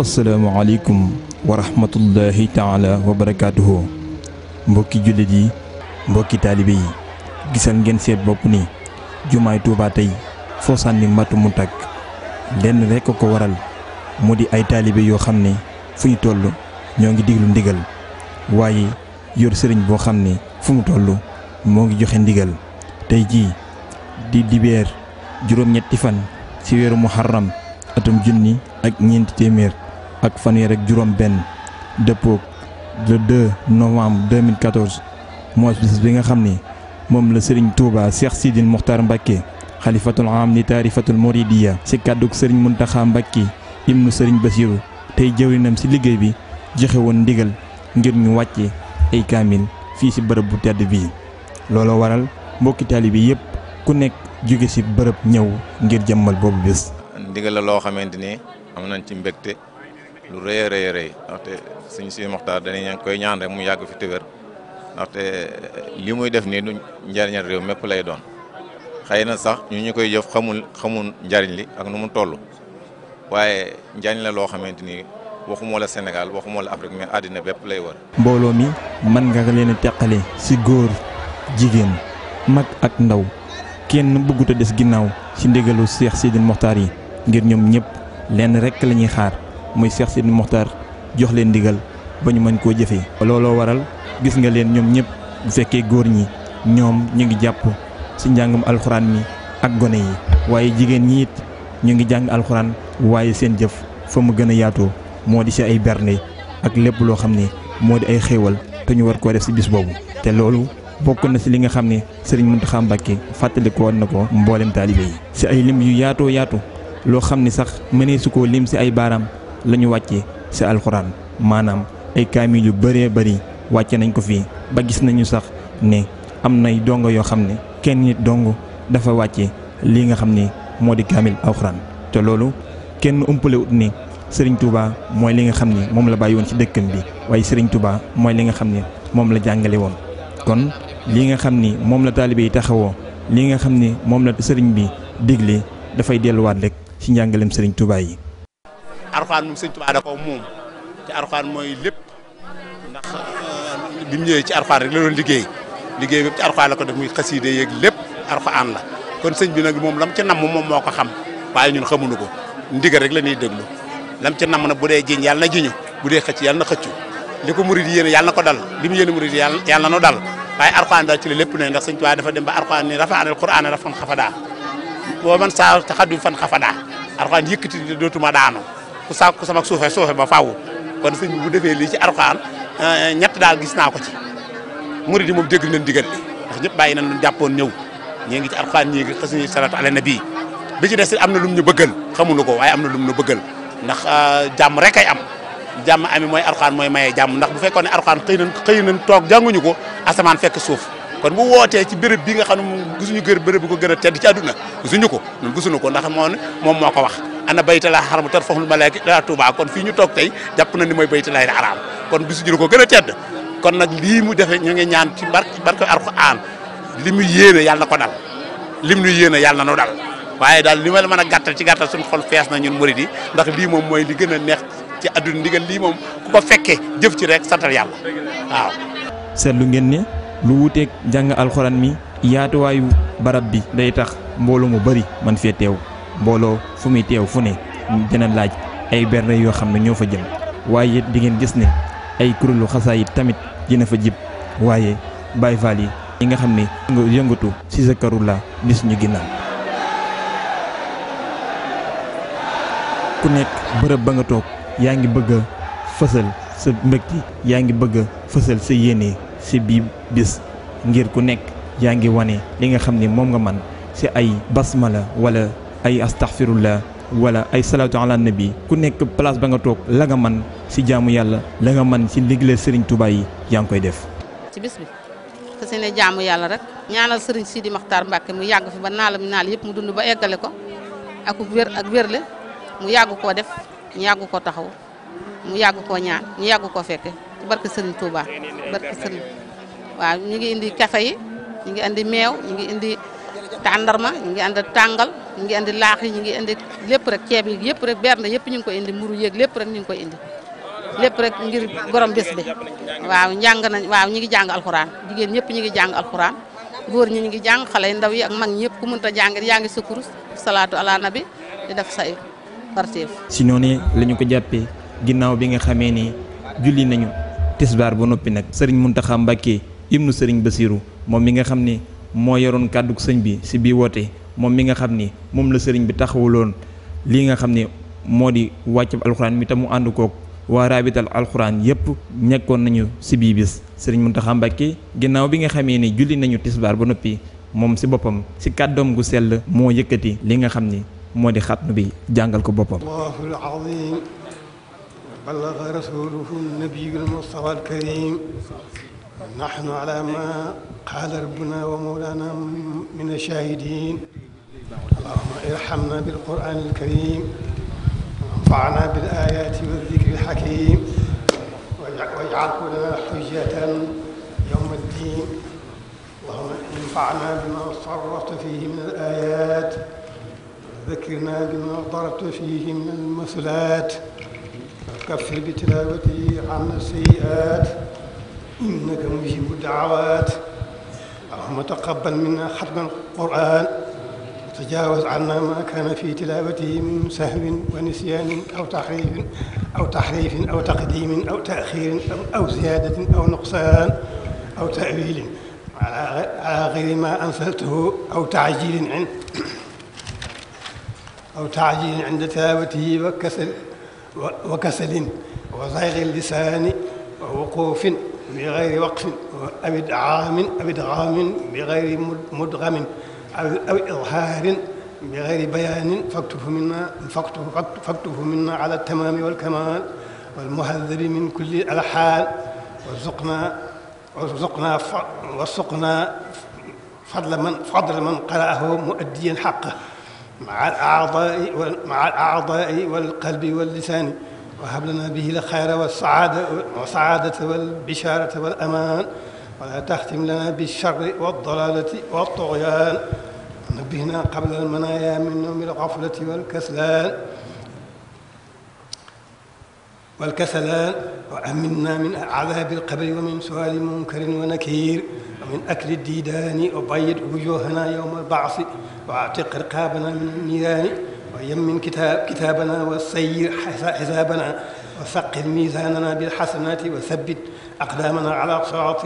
asalaamaaleykum wa rahmatullahi taala wa barakaatuhu mbokki jullit yi mbokki taalibe yi gisal ngeen seet bopp ni jumaay Tuubaa tey foo sànni matu mu tàkk lenn rekk ko waral mu di ay taalibe yoo xam ni fu ñu toll ñoo ngi diglu ndigal waaye yor sëriñ boo xam ni fu mu toll moo ngi joxe ndigal tey jii di dibeer juróom-ñetti fan ci weeru muharram atum junni ak ñeenti téeméer ak fanweer ak juróom-benn dëppoog le 2 novembre 2014 mooy bis bi nga xam ni moom la Serigne Touba Cheikh Sidil Mokhtar Mbacke xalifatul am ni taarifatul moridiya si kàddug Serigne Mountakha Mbacke ibnu Serigne Bassirou tey jëwrinam si liggéey bi joxe woon ndigal ngir ñu wàcce ay kaamil fii si bërëb bu tedd bii looloo waral mbokki taalibe yépp ku nekk jóge si bërëb ñëw ngir jëmmal boobu bés. ndigal la loo xamante ni am nañ ci mbégte. lu rëy a rëy rëy ndaxte suñ si Moxtaar danañ koy ñaan rek mu yàgg fi te wér ndaxte eh, li muy def nii du njariñal réew mépp lay doon xëy na sax ñu ñu koy jëf xamul xamul njariñ li ak nu mu toll waaye njariñ la loo xamante ni waxuma la Sénégal waxuma la Afrique mais àddina bépp lay war. mbooloo mi mën nga leen teqale si góor jigéen mag ak ndaw kenn bëggut a des ginnaaw si ndigalu Seex Sidi Moxtaar yi ngir ñoom ñëpp lenn rek lañuy ñuy xaar. muy Cheikh Sidi Mokhtar jox leen ndigal ba ñu mën koo jëfee. looloo waral gis nga leen ñoom ñëpp bu fekkee góor ñi ñoom ñu ngi jàpp ci njàngum alxuraan mi ak gone yi waaye jigéen ñi it ñu ngi jàng alxuraan waaye seen jëf fa mu gën a yaatoo moo di ci ay berne ak lépp loo xam ne moo di ay xéewal te ñu war koo def ci bis boobu te loolu. bokk na ci li nga xam ne sëriñ Mountakha Mbacké fàttaliku woon na ko mboolem taalibe yi. ci ay lim yu yaatoo yaatu loo xam ne sax mënee su koo lim ci ay baaraam la ñu wàcce ci alxuraan maanaam ay kaamil yu bëree bëri wàcce nañ ko fii ba gis nañu sax ne am nay dongo yoo xam ne kenn nit dong dafa wàcce lii nga xam ne moo di kaamil alxuraan te loolu kenn umpale wut ni Serigne mooy li nga xam ne moom la bàyyi woon ci dëkkam bi waaye Serigne Touba mooy li nga xam ne moom la jàngale woon kon lii nga xam ni moom la taalibe yi taxawoo lii nga xam ni moom la sëriñ bi digle dafay delluwaat rek ci njàngaleem Serigne Touba yi arxaan moom sëñ Tuubaa da ko moom te arxaan mooy lépp ndax euh, bi mu ñëwee ci arxaan rek la doon liggéey liggéey bépp ci arxaan la ko def muy xasiide yeeg lépp arxaan la kon sëñ bi nag moom lam ci namm moom moo ko xam waaye ñun xamuñu ko ndigal rek la ñuy déglu lam ci namm na bu dee jiñ yàlla na jiñu bu dee xëcc yàlla na xëccu li ko murid yéene yàlla na ko dal li mu yéene murid yàlla yàlla na dal waaye arxaan daal ci la lépp ne ndax sëñ Tuubaa dafa dem ba arxaan ni rafa anel quraan rafan xafadaa boo man saa taxadum fan xafadaa arxaan yëkkati dootuma daanoo ku sàkku sama suufe suufe ba faaw kon sëñ bi bu defee lii ci Alxuraan eh, ñett daal gis naa ko ci murid di moom dégg nañ digal li ndax ñëpp bàyyi nañ jàppoon ñëw ñii ngi ci Alxuraan ñii ngi xasuñu salatu ala nabi bi ci des am na lum ñu bëggal xamuñu ko waaye am na lum ñu bëggal ndax eh, jàmm rek ay am jàmm ami mooy Alxuraan mooy maye jàmm ndax bu fekkoon ne Alxuraan xëy nañ xëy nañ toog jànguñu ko asamaan fekk suuf kon bu wootee ci béréb bii nga xam ne moom gisuñu gër béréb bu ko gën a tedd ci àdduna gisuñu ko ñun gisuñu ko ndax moo moom moo ko wax ana baytalaa xaram tar faxul malaaka ila Touba kon fi ñu toog tey jàpp na ni mooy baytalaay xaram kon bisu jël ko gën a tedd kon nag lii mu defee ñu ngi ñaan ci barke barke Alxuraan li mu yéene yàlla na ko dal lim nu yéene yàlla na nu dal daal li ma mën a gàttal ci gàttal suñu xol fees na ñun murid yi ndax lii moom mooy li gën a neex ci àdduna ndigal lii moom ku ko fekkee jëf ci rek santal yàlla waaw. seetlu ngeen ni lu wuuteeg jàng alxuraan mi yaatuwaayu barab bi day tax mbooloo mu bari man fee teew. mbooloo fu muy teew fu ne dina laaj ay berne yoo xam ne ñoo fa jëm waaye dingeen gis ne ay kuréelu xasaayit tamit dina fa jib waaye Baay Faal yi yi nga xam ne yëngatu ci Zikrullah di suñu ginnaaw ku nekk bërëb ba nga toog yaa ngi bëgg fësal sa mbëgti yaa ngi bëgg a fësal si yéene si bii bis ngir ku nekk yaa ngi wane li nga xam ni moom nga man ci ay basmala wala ay astaghfirullah wala ay salaatu ala nabi ku nekk place ba nga toog la nga man si jaamu yàlla la nga man si liggéeyal Serigne Touba yi yaa ngi koy def. ci bis bi fas yéene jaamu yàlla rek ñaanal Serigne Sidi Makhtar Mbacke mu yàgg fi ba naalam naal yëpp mu dund ba eggale ko ak wér ak wérle mu yàgg koo def ñu yàgg koo taxaw mu yàgg koo ñaan ñu yàgg koo fekke ci barke Serigne Touba barke Serigne waaw ñu ngi indi kafe yi ñu ngi indi meew ñu ngi indi. tàndarma ñu ngi andi tàngal ñu ngi andi laax yi ñu ngi andi lépp rek ceeb yi yëpp rek bernde yëpp ñu ngi ko indi mburu yéeg lépp rek ñu ngi koy indi lépp rek ngir borom bés bi waaw njàng nañ waaw ñu ngi jàng alxuraan jigéen ñëpp ñu ngi jàng alxuraan góor ñi ñu ngi jàng xale ndaw yi ak mag ñëpp ku mënta jàngit yaa ngi sukkurus salaatu ala bi di def say parteef si noonu la ñu ko jàppee ginnaaw bi nga xamee ni julli nañu tisbaar ba noppi nag sëriñ Muntaxa Mbàkke ibnu moo yoroon kàddu sëñ bi si bii woote moom mi nga xam ni moom la sëriñ bi taxawuloon lii nga xam ni moo di wàccab alxuraan mi tam mu ànd kook waa raabital alxuraan yépp nekkoon nañu si bii bis sëriñ Muntaxa Mbàkke ginnaaw bi nga xamee ni julli nañu tisbaar ba noppi moom si boppam si kàddoom gu sell moo yëkkati li nga xam ni moo di xatnu bi jàngal ko boppam نحن على ما قال ربنا ومولانا من الشاهدين اللهم ارحمنا بالقرآن الكريم وانفعنا بالآيات والذكر الحكيم واجعله لنا حجة يوم الدين اللهم انفعنا بما صرفت فيه من الآيات ذكرنا بما ضربت فيه من المثلات وكفر بتلاوته عنا السيئات innaka mujibu daawaat allahumma taqabbal minna xatma alquran wa tajaawaz anna ma kaana fi tilaawatihi min sahwin wa nisyaanin aw taxriifin aw taxriifin aw taqdiimin aw taaxiirin aw ziyaadatin aw nuqsaan aw taawiilin alaa gayri maa ansaltahu aw taajiilin ind aw taajiilin inda tilaawatihi wa kasalin wa zaygi lisaani wa wuquufin bi gayri waqfin aw idgaamin aw idgaamin bi gayri mudgamin aw izhaarin bi gayri bayaanin faktufu minna faktufu minna ala tamaami wal kamaal wal muhaddabi min kulli alxaal warzuqnaa warzuqnaa warzuqnaa fadla man fadla man qara'ahu muaddiyan xaqqahu ma'a al-a'daa'i wal qalbi wal lisaani وهب لنا به الخير والسعادة والسعادة والبشارة والأمان ولا تختم لنا بالشر والضلالة والطغيان نبهنا قبل المنايا من نوم الغفلة والكسلان والكسلان وأمنا من عذاب القبر ومن سؤال منكر ونكير ومن أكل الديدان وبيض وجوهنا يوم البعث وأعتق رقابنا من النيران ويمن كتاب كتابنا وسير حسابنا وثقل ميزاننا بالحسنات وثبت أقدامنا على صراط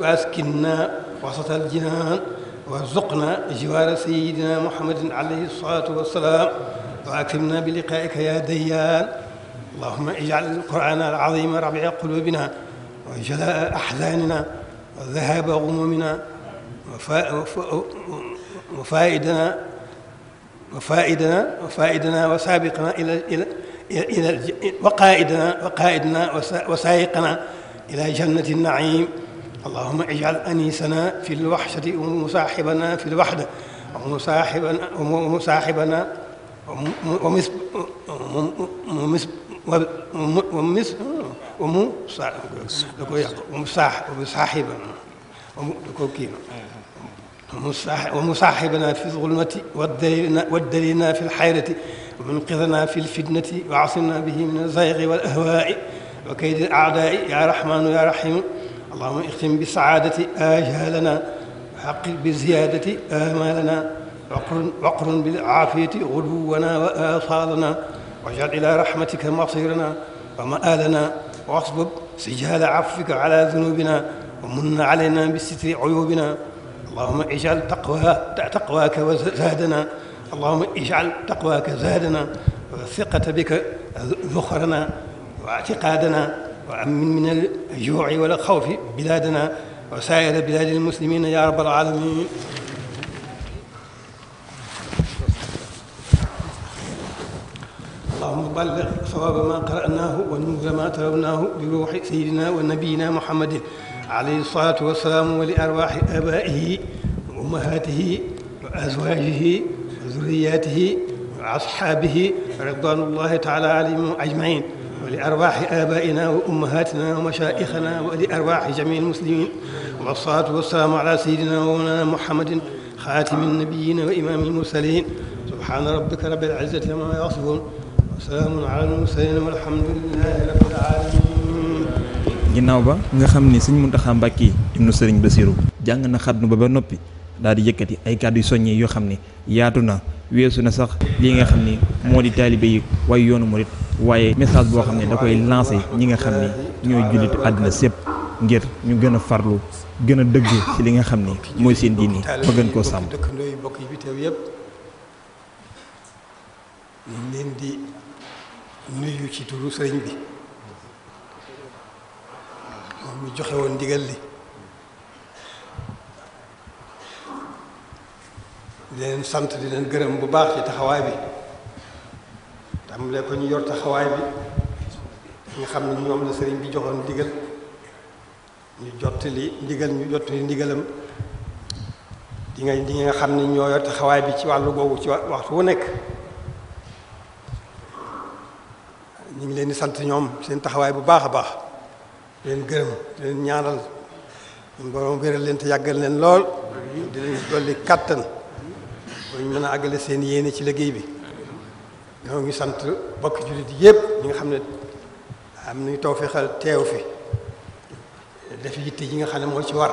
واسكنا وسط الجنان وارزقنا جوار سيدنا محمد عليه الصلاة والسلام وأكرمنا بلقائك يا ديان اللهم اجعل القرآن العظيم ربيع قلوبنا وجلاء أحزاننا وذهاب غمومنا وفائدنا wa faidana wa faidana wa sabiqana ila ila ila wa qaidana wa qaidana wa saayiqana ila jannati naim allahuma ijal anisana fi lwaxshati wa musaaxibana fi lwaxda wa musaaxibana wa musaaxibana wa musaaxibana da ko kii wa musaaxibanaa fi zulmati waddarinaa fi lxayrati wa munqidanaa fi lfitnati wa asinaa bihi min alzayqi walahwaai wa kaydi alaadaai yaa raxmaanu yaa raxiimu allahuma ixtim bi saadati ajaalanaa xaqi bi ziyaadati amaalanaa waqrun bilcaafiyati guduwanaa wa aasaalanaa wajal ilaa raxmatika masiiranaa wa maalanaa wasbab sijaala afwika ala zunubina wa mun alaynaa bi sitri uyuubina اللهم اجعل تقواها تقواك وزادنا اللهم اجعل تقواك زادنا والثقة بك ذخرنا واعتقادنا وأمن من الجوع والخوف بلادنا وسائر بلاد المسلمين يا رب العالمين اللهم بلغ صواب ما قرأناه ونور ما تلوناه بروح سيدنا ونبينا محمد alayhi salaatu wa salaam wa li arwaaxi abaa'ihi wa ummahaatihi wa azwaajihi wa zurriyaatihi wa asxaabihi ridwaanullaahi taalaa alayhim ajmaïn wa li arwaaxi abaa'inaa wa ummahaatinaa wa mashaayixinaa wa li arwaaxi jamiil muslimiin wa salaatu wa salaamu alaa sayyidinaa wa mawlaanaa Muhammadin xaatimin nabiyyiina wa imaamil mursaliin subhaana rabbika rabbil izzati ammaa yasifuun wa salaamun alal mursaliin walhamdu lillaahi rabbil aalamiin ginnaaw ba nga xam ni sëñ Muntaxa Mbàkke ibnu sëriñ Basiru jàng na xatnu ba ba noppi daal di yëkkati ay kàddu yu soññee yoo xam ne yaatu na weesu na sax lii nga xam ni moo di taalibe yi waaye yoonu murit waaye message boo xam ne da koy lancé ñi nga xam ni ñooy jullit àddina sépp ngir ñu gën a farlu gën a dëgg ci li nga xam ni mooy seen diini ba gën koo sàmm. mbokk yi fi teew yëpp moom mi joxe woon ndigal li di leen sant di leen gërëm bu baax ci taxawaay bi tàmbalee ko ñu yor taxawaay bi nga xam ne ñoom la seen bi joxoon ndigal ñu jottali ndigal ñu jottali ndigalam di nga di nga xam ne ñoo yor taxawaay bi ci wàllu googu ci waxtu wu nekk ñu ngi leen di sant ñoom seen taxawaay bu baax a baax di leen gërëm di leen ñaanal borom wéral leen te yàggal leen lool di leen dolli kàttan ba ñu mën a àggale seen yéene ci liggéey bi ñoo ngi sant bokk jullit yépp ñi nga xam ne am nañu tawféexal teew fi def yitte yi nga xam ne moo ci war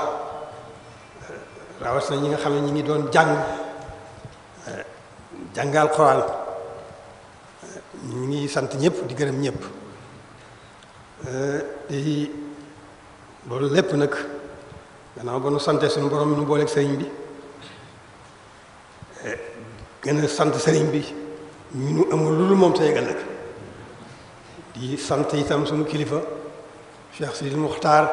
rawas ñi nga xam ne ñi ngi doon jàng jàngal Alxuraan ñu ngi sant ñëpp di gërëm ñëpp tey eh, loolu lépp nag gannaaw ba nu sante suñu borom nu booleeg sëriñ bi eh, gën a sant sëriñ bi ñu nu amul lu dul moom tey ëllëg di sant itam suñu kilifa Cheikh Sidi Muxtaar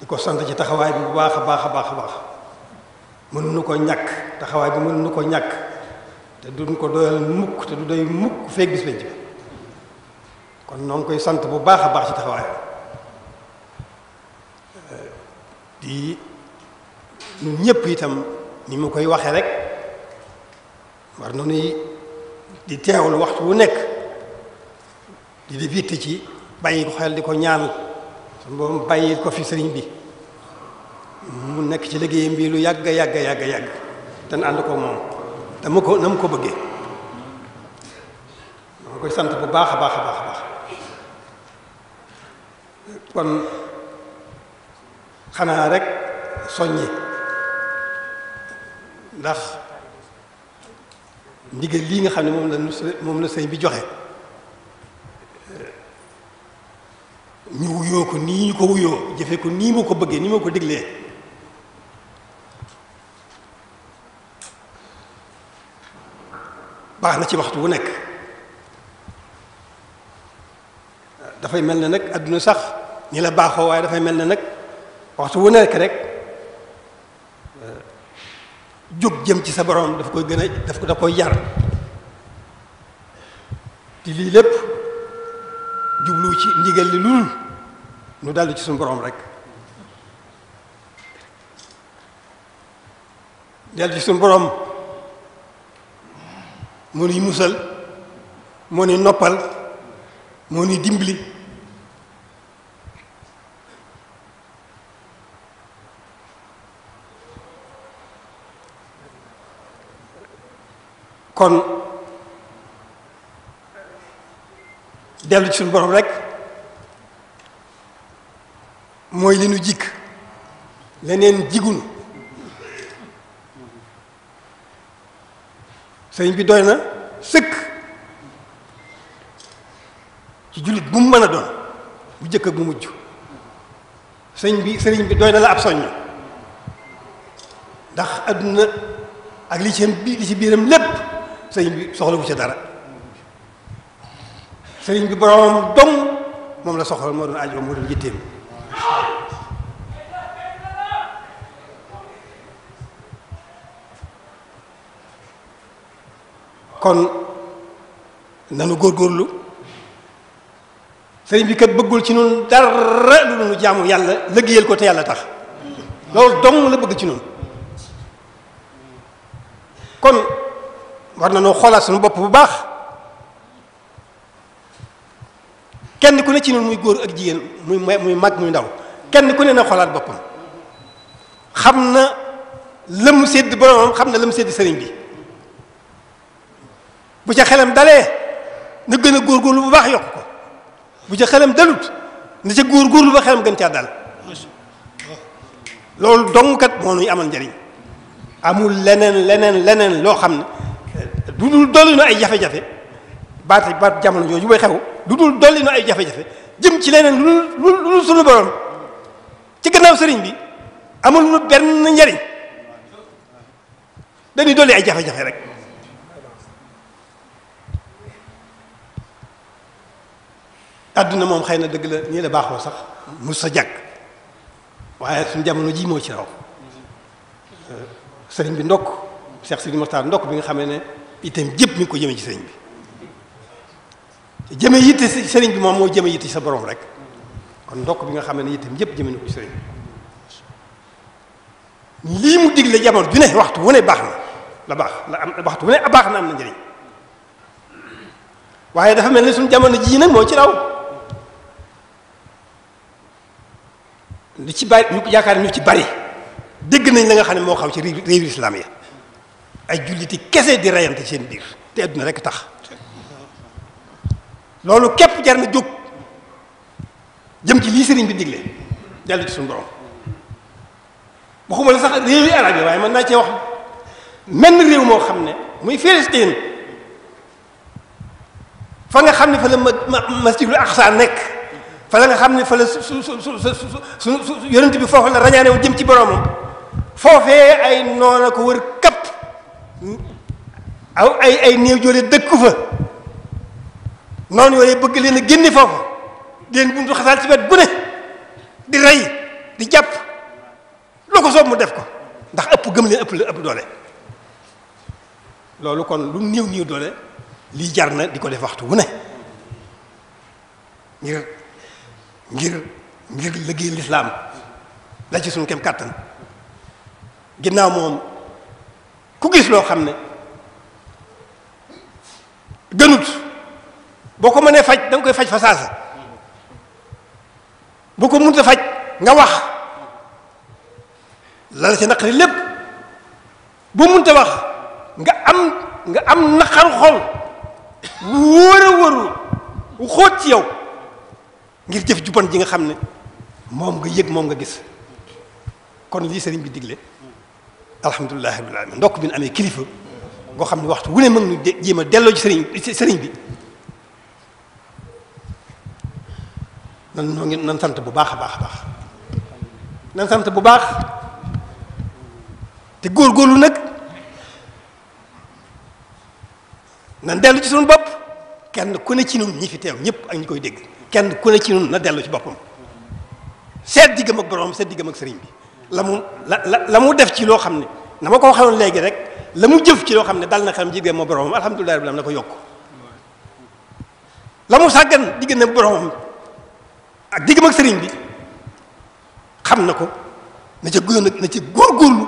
di ko sant ci taxawaay bi bu baax a baax a baax a baax mënuñu ko ñàkk taxawaay bi mënuñu ko ñàkk te duñ ko doyal mukk te du doy mukk feeg bis penc bi kon noo ngi koy sant bu baax a baax ci taxawaayam di ñun ñëpp itam ni mu koy waxee rek war nañuy di teewul waxtu wu nekk di di bitt ci bàyyi ko xel di ko ñaan suñu boroom bàyyi ko fi sëriñ bi mu nekk ci liggéeyam bi lu yàgg yàgg yàgg yàgg te ànd ko moom dama ko na ko bëggee dama koy sant bu baax a baax a baax. kon xanaa rek soññi ndax ndigal lii nga xam ne moom la moom la sëñ bi joxe euh, ñu wuyoo ko nii ko wuyoo jëfe ko nii ma ko bëggee nii ma ko diglee baax na ci waxtu wu nekk dafay mel ne nag àdduna sax ni la baaxoo waaye dafay mel ne nag waxtu wu nekk rek euh, jóg jëm ci sa borom daf koy gën a daf koy yar te lii lépp jublu ci ndigal li lul nu daldi ci suñu borom rek dellu ci suñu borom moo nuy musal moo nuy noppal moo nuy dimbali kon dellu ci suñu borom rekk mooy li nu jikk leneen jigunu sëriñ bi doy na sëkk ci jullit bu mu mën a doon bu jëkk bu mujj sëriñ bi sëriñ bi doy na la ab soññ ndax adduna ak li ci li ci biiram lépp sëriñ bi soxlawu ci dara sëriñ bi boroom dong moom la soxla moo doon aajo moo doon jitteem kon nanu góorgóorlu sëriñ bi kat bëggul ci nun dara lu nu jaamu yàlla liggéeyal ko te yàlla tax loolu dong la bëgg ci nun kon war na noo xoolaat suñu bopp bu baax kenn ku ne ci ñun muy góor ak jigéen muy muy mag muy ndaw kenn ku ne na xoolaat boppam xam na lëmu sédd boromam xam na lëmu sédd sëriñ bi bu ca xelam dalee na gën a góor góorgóorlu bu baax yokk ko bu ca xelam dalut na góor góorgóorlu ba xelam gën caa dal loolu dongkat moo nuy amal njariñ amul leneen leneen leneen loo xam ne du dul dolli nu ay jafe-jafe baat baat jamono jooju bay xew du dul dolli nu ay jafe-jafe jëm ci leneen lu lu lu sunu ci gannaaw sëriñ bi amul nu benn njariñ dañuy dolli ay jafe rek àdduna moom xëy na dëgg la nii la baaxoo sax mu sa jàkk waaye suñ jamono ji moo ci raw sëriñ bi ndokk Cheikh Sidi Moxtaar ndokk bi nga xamee ne itam jëpp mi ngi ko jëmee ci sëriñ bi jëme yitte si sëriñ bi moom moo jëme yitte ci sa borom rek kon ndokk bi nga xam ne itam jëpp jëme ni ko ci sëriñ bi lii mu digle jamono ju ne waxtu wu ne baax na la baax la am waxtu wu ne baax na am na njëriñ waaye dafa mel ni suñu jamono jii nag moo ci raw lu ci bari ñu yaakaar ñu ci bari dégg nañ la nga xam ne moo xam ci réew islam ya ay julliti kese di reyante seen biir te adduna rekk tax loolu képp jar na jóg jëm ci lii sëriñ bi digle dellu ci suñu borom waxuma la sax réew yi waaye mën naa cee wax menn réew moo xam ne muy Filistin fa nga xam ne fa la masjidul aqsa nekk fa la nga xam ne fa la su su su su yonent bi foofu la rañaane wu jëm ci boromam foofee ay noona ko wër kap aw ay ay néew joole dëkku fa noonu yooyu bëgg leen génne foofu di leen buntu xasaal ci wet bu ne di rey di jàpp loo ko soob mu def ko ndax ëpp gëm leen ëpp doole loolu kon lu néew néew doole lii jar na di ko def waxtu wu ne ngir ngir ngir liggéey lislaam la ci suñu kem kàttan ginnaaw moom ku gis loo xam ne gënut boo ko mënee faj da koy faj fa saasa boo ko mënut faj nga wax la la naqari lépp bu mënut wax nga am nga am naqar xol bu wóor wu xóot ci yow ngir jëf ju bon ji nga xam ne moom nga yëg moom nga gis kon lii sëriñ bi digle alhamdulilah rabbil alamin ndokk bi nu amee kilifa goo xam ne waxtu wu ne mag nu jéem a delloo ci sëriñ sëriñ bi nan noo ngi nan sant bu baax a baax a baax nan sant bu baax te góor góorlu nag nan dellu ci suñu bopp kenn ku ne ci ñun ñi fi teew ñëpp ak ñi koy dégg kenn ku ne ci ñun na dellu ci boppam seet diggam ak borom seet diggam ak sëriñ bi la mu la la mu def ci loo xam ne na ma ko waxoon léegi rek la mu jëf ci loo xam ne dal na xam jigéen ma boromam alhamdulilah rabbil na ko yokk la mu sàggan diggante boromam ak diggam ak sëriñ bi xam na ko na ca góor na ca góorgóorlu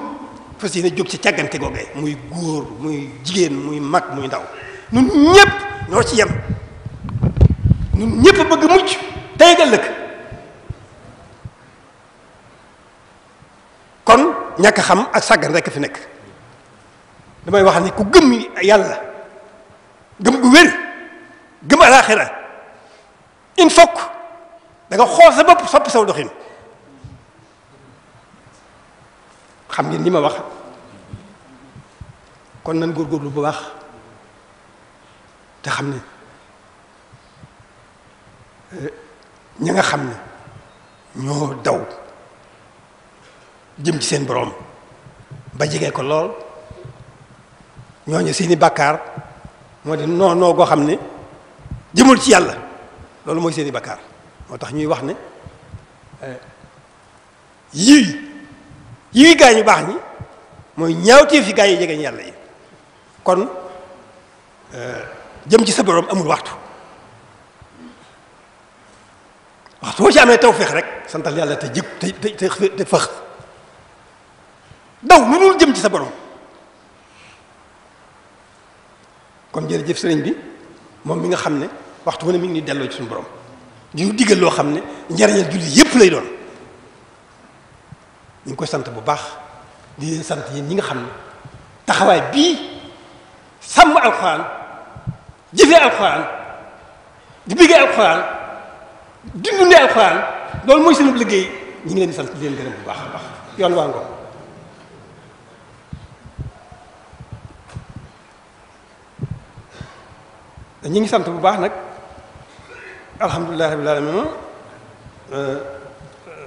fas yéene jóg ci càggante googee muy góor muy jigéen muy mag muy ndaw nun ñëpp ñoo ci yem nun ñëpp bëgg mucc tey ëllëg ñàkk xam ak sàggan rekk fi nekk damay wax ni ku gëm yàlla gëm gu wér gëm alaaxira in fokk da nga xool sa bopp soppi saw doxin xam ngeen ni ma wax kon nan lu bu baax te xam ne eh, ña nga xam ne ñoo daw jëm ci seen boroom ba jege ko lool ñooñu seeni bàkkaar moo di noo noo goo xam ne jëmul ci yàlla loolu mooy seeni bàkkaar moo tax ñuy wax ne eh, yii yii gaa ñu baax ñi mooy ñaawteef ci gaa yi jege yàlla yi kon eh, jëm ci sa boroom amul waxtu waxtu boo ci amee tawféex rek santal yàlla te jëkk te te te fëx daw lu dul jëm ci sa borom kon jëf sëriñ bi moom mi nga xam ne waxtu wu ne mi ngi nii delloo ci suñu borom di ñu diggal loo xam ne njariñal jullit yépp lay doon ñu ngi koy sant bu baax di leen sant yi ñi nga xam ne taxawaay bii sàmm alxuraan jëfe alxuraan di bëggee alxuraan di dundee alxuraan loolu mooy seen liggéey ñu ngi leen sant di leen gërëm bu baax a baax yoon waa ngoon ñu ngi sant bu baax nag alhamdullah rabbil alamin euh,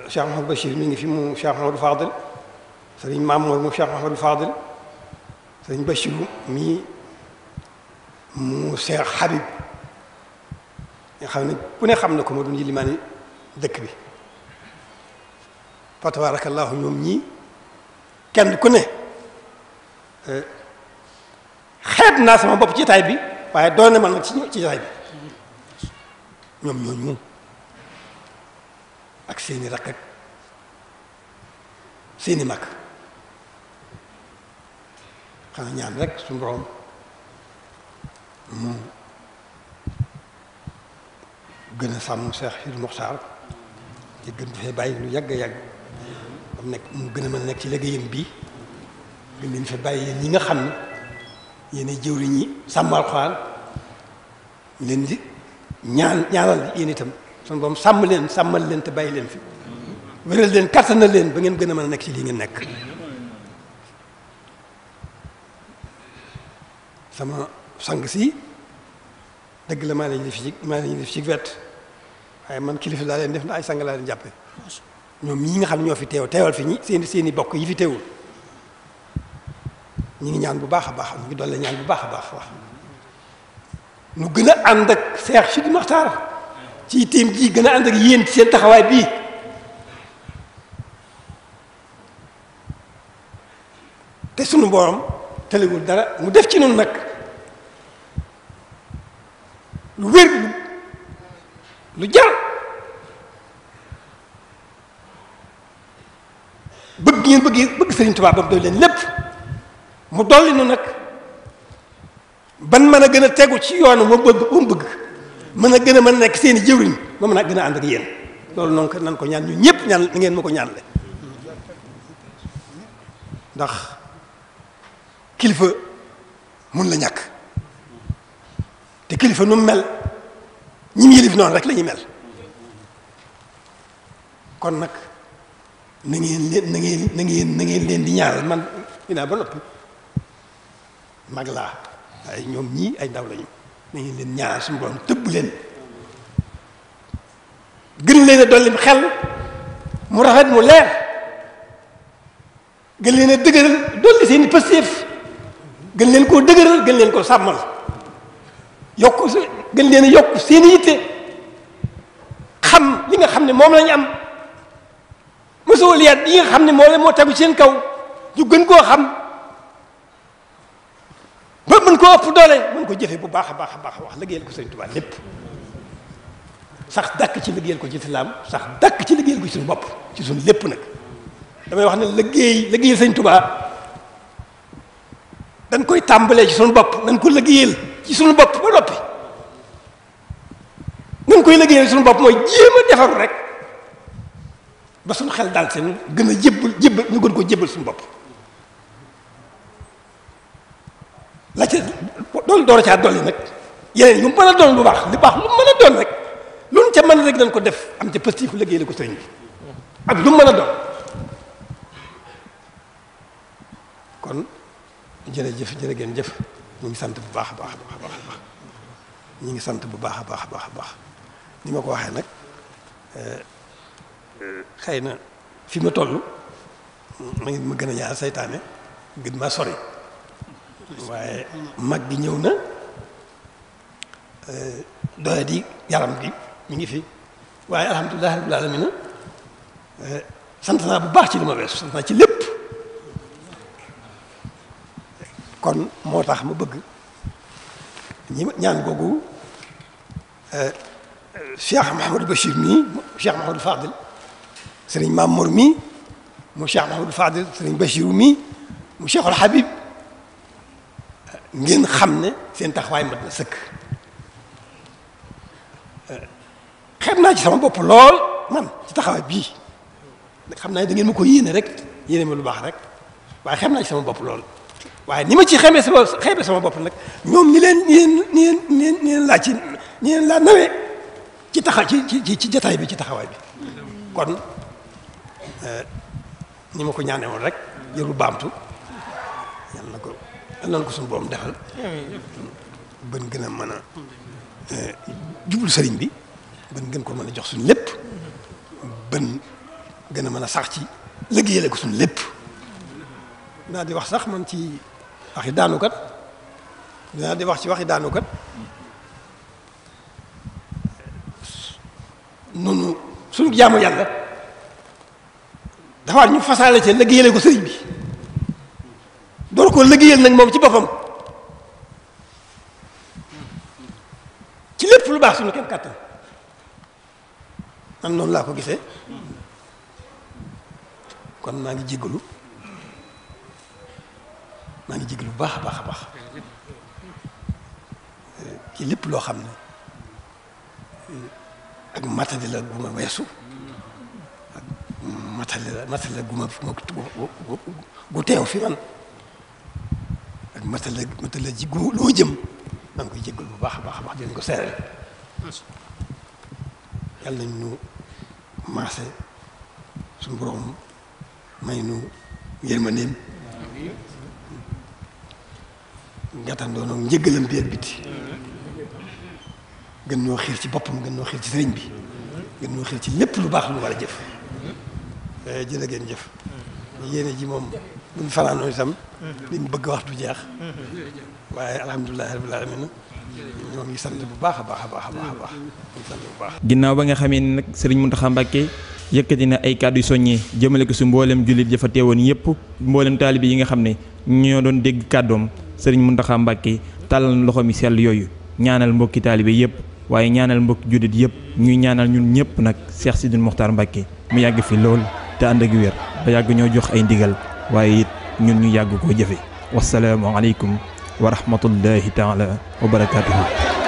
Cheikh Mouhamadou Bachir mi ngi fi mu Cheikh Mouhamadou Fadil sëriñ mu Cheikh Mouhamadou Fadil sëriñ Bachir mii mu Cheikh Habib xam ne ku ne xam na ko ma doon yilimaani dëkk bi fa tabarakallahu ñi ñii di ku ne euh, xeet naa sama bopp ci taay bi waaye doon na man nag ci ci jotaay bi ñoom ñooñu ak seeni rakk ak seeni mag xanaa ñaan rek su borom mu gën a sàmm Seex Sidi Muxtaar ci gën dafay bàyyi lu yàgg yàgg mu nekk mu gën a mën a nekk ci liggéeyam bi gën leen fi bàyyi yéen ñi nga xam ne yéen ay jëwriñ yi sàmm alxuraan leen di ñaan ñaanal yéen itam sunu boom sàmm leen sàmmal leen te bàyyi leen fi wéral leen kattanal leen ba ngeen gën a mën a nekk ci lii ngeen nekk sama sang si dëgg la maa leen def ci maa leen def ci wet waaye man kilifa laa leen def na ay sang laa leen jàppe ñoom ñii nga xam ñoo fi teew teewal fi ñi seeni seeni bokk yi fi teewul ñu ngi ñaan bu baax a baax ñu ngi doon la ñaan bu baax a baax wax nu gën a ànd ak Seex Sidi Maxtaar ci tiim ji gën a ànd ak yéen seen taxawaay bii te sunu borom tëlewul dara mu def ci noonu nag lu wér lu jar bëgg ngeen bëgg bëgg Sëriñ Tuubaa ba mu doy leen lépp mu dolli nu nag ban man a gën a tegu ci yoonu ma bëgg mu bëgg mën a gën a mën nekk seen i jëwriñ ma mën a gën a ànd yéen loolu noonu ko nan ko ñaan ñu ñëpp ñaan ngeen ma ko ñaan kilifa mun la ñàkk te kilifa nu mu mel ñi noonu rek la ñuy mel kon nag na ngeen leen na ngeen na ngeen na ngeen leen di ñaanal man ba noppi mag laa ay ñoom ñii ay ndaw lañu na ngeen leen ñaanal suñu borom tëbb leen gën leen a dolli xel mu rafet mu leer gën leen a dëgëral dolli seen i pëstéef gën leen koo dëgëral gën leen koo sàmmal yokk gën leen a yokk seen yitte xam li nga xam ne moom lañ am mësoo liyaat yi nga xam ne moo leen moo tegu seen kaw ñu gën koo xam mën koo ëpp doole mën ko jefe bu baax a baax a baax wax liggéeyal ko sëriñ Tuubaa lépp sax dàkk ci liggéeyal ko ci islaam sax dàkk ci liggéeyal ko ci bopp ci suñu lépp nag damay wax ne liggéey liggéeyal sëriñ Tuubaa dañ koy tàmbalee ci suñu bopp dañ ko liggéeyal ci suñu bopp ba koy liggéeyal suñu bopp mooy jéem a defaru rek ba suñu xel daal seen gën a jébbal jébbal ñu gën ko jébbal suñu bopp la ca doon door caa dolli nag yeneen yu mu mën a doon lu baax li baax lu mu mën a doon rek loolu ca mën rek dañ ko def am ca positif liggéey ko sëriñ bi ak lu mu mën a doon kon jërëjëf jërë ngeen jëf ñu ngi sant bu baax a baax a baax a ñu ngi sant bu baax a baax a baax a baax ni ma ko waxee nag eh, xëy na fi ma toll ma ngi ma gën a ñaar seytaane gën maa sori waaye mag gi ñëw na eh, doole di gi mi ngi fi waaye alhamdulilah rabbil alamina eh, sant naa bu baax ci li ma weesu ci lépp kon moo tax ma bëgg ñi ñaan googu eh, Cheikh Mouhamadou Bachir mii Cheikh Mouhamadou Fadil sëriñ Mamour mii mu Cheikh Mouhamadou Fadil sëriñ Bachir mii mu Cheikhul Habib ngeen xam ne seen taxawaay mat na sëkk eh, xeeb naa ci sama bopp lool man ci taxawaay bii xam naa da ngeen ma ko yéene rek yéene ma lu baax rek waaye xeeb naa ci bopp lool waaye ni ma ci xamee sama xeebee sama bopp nag ñoom ñi leen ñi leen ñi laa ci ñi leen laa ci ci ci ci jataay bi ci taxawaay kon eh, ni ma ko ñaanee woon rek yëru baamtu yàlla ko suñu borom defal bën gën a mën a eh, jublu sëriñ bi bën gën ko mën a jox suñu lépp bën gën a mën a sax ci liggéeyale ko suñu lépp naa di wax sax man ci waxi daanukat naa wax ci waxi daanukat noonu suñu jaamu yàlla dafa ñu fasaale ci liggéeyale ko sëriñ bi koo liggéeyal nag moom ci boppam ci lépp lu baax kem kàttan man noonu laa ko gisee kon maa ngi jéggalu maa ngi jéggalu bu baax a baax a baax lépp loo xam ne ak matadi la gu ma weesu ak matadi la matadi la gu matal la matal la ji gu lu mu jëm maa ngi koy bu baax a baax a baax di leen ko seeral yàlla nañ ñu maase suñu borom may nu yërmandeem gàttandoon ak njëgalam bi ak biti gën ñoo xiir ci boppam gën ñoo xiir ci sëriñ bi gën ñoo xiir ci lépp lu baax lu war a jëf eh, jërë jëf yéene ji moom buñ fanaanoo itam. liñ bëgg waxtu jeex. waaye alhamdulilah rabbil alamin ñoo ngi bu baax a baax ginnaaw ba nga xamee ni nag Serigne Mountakha Mbacké yëkkati na ay kàddu yu soññee jëmale ko si mbooleem jullit ya fa teewoon yëpp mboolem taalibe yi nga xam ne ñoo doon dégg kàddoom Serigne Mountakha Mbacké tàllal loxo mi sell yooyu ñaanal mbokki taalibe yëpp waaye ñaanal mbokki jullit yëpp ñuy ñaanal ñun ñëpp nag Cheikh Sidy Mokhtar Mbacké mu yàgg fi lool te ànd ak wér ba yàgg ñoo jox ay ndigal. waaye it ñun ñu yàgg koo jëfe wasalaamu aleykum wa rahmatullahi taala wa barakaatuhu